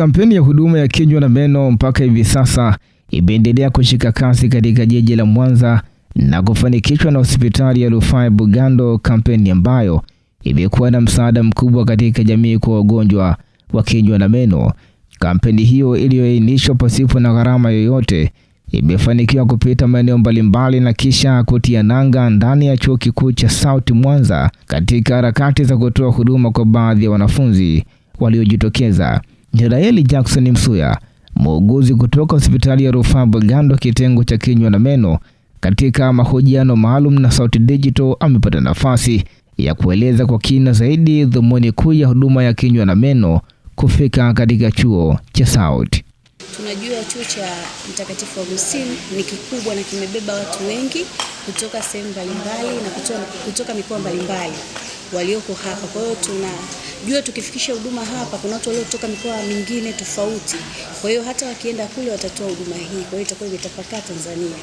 Kampeni ya huduma ya kinywa na meno mpaka hivi sasa imeendelea kushika kasi katika jiji la Mwanza na kufanikishwa na hospitali ya rufaa ya Bugando, kampeni ambayo imekuwa na msaada mkubwa katika jamii kwa wagonjwa wa kinywa na meno. Kampeni hiyo iliyoainishwa pasipo na gharama yoyote imefanikiwa kupita maeneo mbalimbali na kisha kutia nanga ndani ya chuo kikuu cha Sauti Mwanza katika harakati za kutoa huduma kwa baadhi ya wanafunzi waliojitokeza. Jeraeli Jackson Msuya, muuguzi kutoka hospitali ya rufaa Bugando, kitengo cha kinywa na meno, katika mahojiano maalum na Sauti Digital amepata nafasi ya kueleza kwa kina zaidi dhumuni kuu ya huduma ya kinywa na meno kufika katika chuo cha Sauti. Tunajua chuo cha Mtakatifu Augustine ni kikubwa na kimebeba watu wengi kutoka sehemu mbalimbali na kutoka, kutoka mikoa mbalimbali walioko hapa. Kwa hiyo tuna jua tukifikisha huduma hapa, kuna watu waliotoka mikoa mingine tofauti, kwa hiyo hata wakienda kule watatoa huduma hii, kwa hiyo itakuwa imetapakaa Tanzania.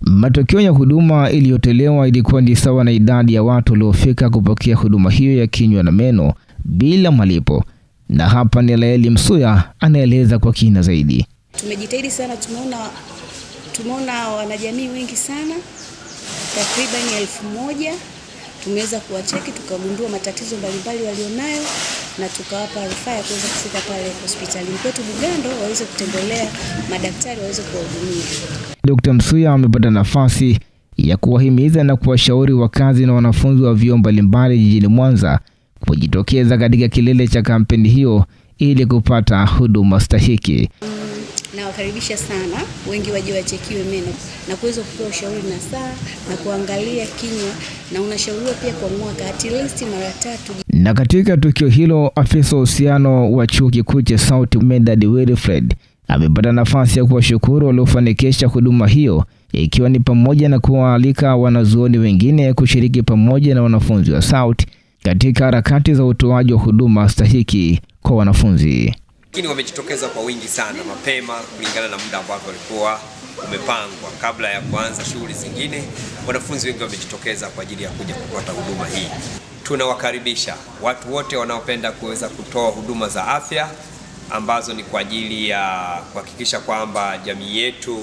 Matokeo ya huduma iliyotolewa ilikuwa ni sawa na idadi ya watu waliofika kupokea huduma hiyo ya kinywa na meno bila malipo, na hapa ni Laeli Msuya anaeleza kwa kina zaidi. Tumejitahidi sana, tumeona tumeona wanajamii wengi sana, takribani elfu moja tumeweza kuwacheki tukagundua matatizo mbalimbali walionayo na tukawapa rufaa ya kuweza kufika pale hospitali kwetu Bugando waweze kutembelea madaktari waweze kuwahudumia. Dkt. Msuya amepata nafasi ya kuwahimiza na kuwashauri wakazi na wanafunzi wa vyuo mbalimbali jijini Mwanza kujitokeza katika kilele cha kampeni hiyo ili kupata huduma stahiki nawakaribisha sana wengi waje wachekiwe meno na kuweza kupewa ushauri na saa na kuangalia kinywa, na unashauriwa pia kwa mwaka at least mara tatu. Na katika tukio hilo, afisa uhusiano wa chuo kikuu cha South Medard Wilfred amepata nafasi ya kuwashukuru waliofanikisha huduma hiyo ikiwa ni pamoja na kuwaalika wanazuoni wengine kushiriki pamoja na wanafunzi wa SAUT katika harakati za utoaji wa huduma stahiki kwa wanafunzi. Lakini wamejitokeza kwa wingi sana mapema kulingana na muda ambao walikuwa umepangwa kabla ya kuanza shughuli zingine. Wanafunzi wengi wamejitokeza kwa ajili ya kuja kupata huduma hii. Tunawakaribisha watu wote wanaopenda kuweza kutoa huduma za afya ambazo ni kwa ajili ya kuhakikisha kwamba jamii yetu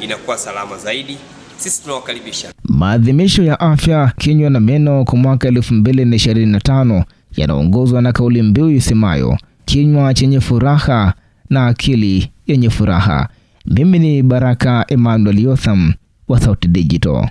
inakuwa salama zaidi. Sisi tunawakaribisha. Maadhimisho ya afya kinywa na meno kwa mwaka 2025 yanaongozwa na kauli mbiu isemayo kinywa chenye furaha na akili yenye furaha. Mimi ni Baraka Emmanuel Yotham wa Sauti Digital.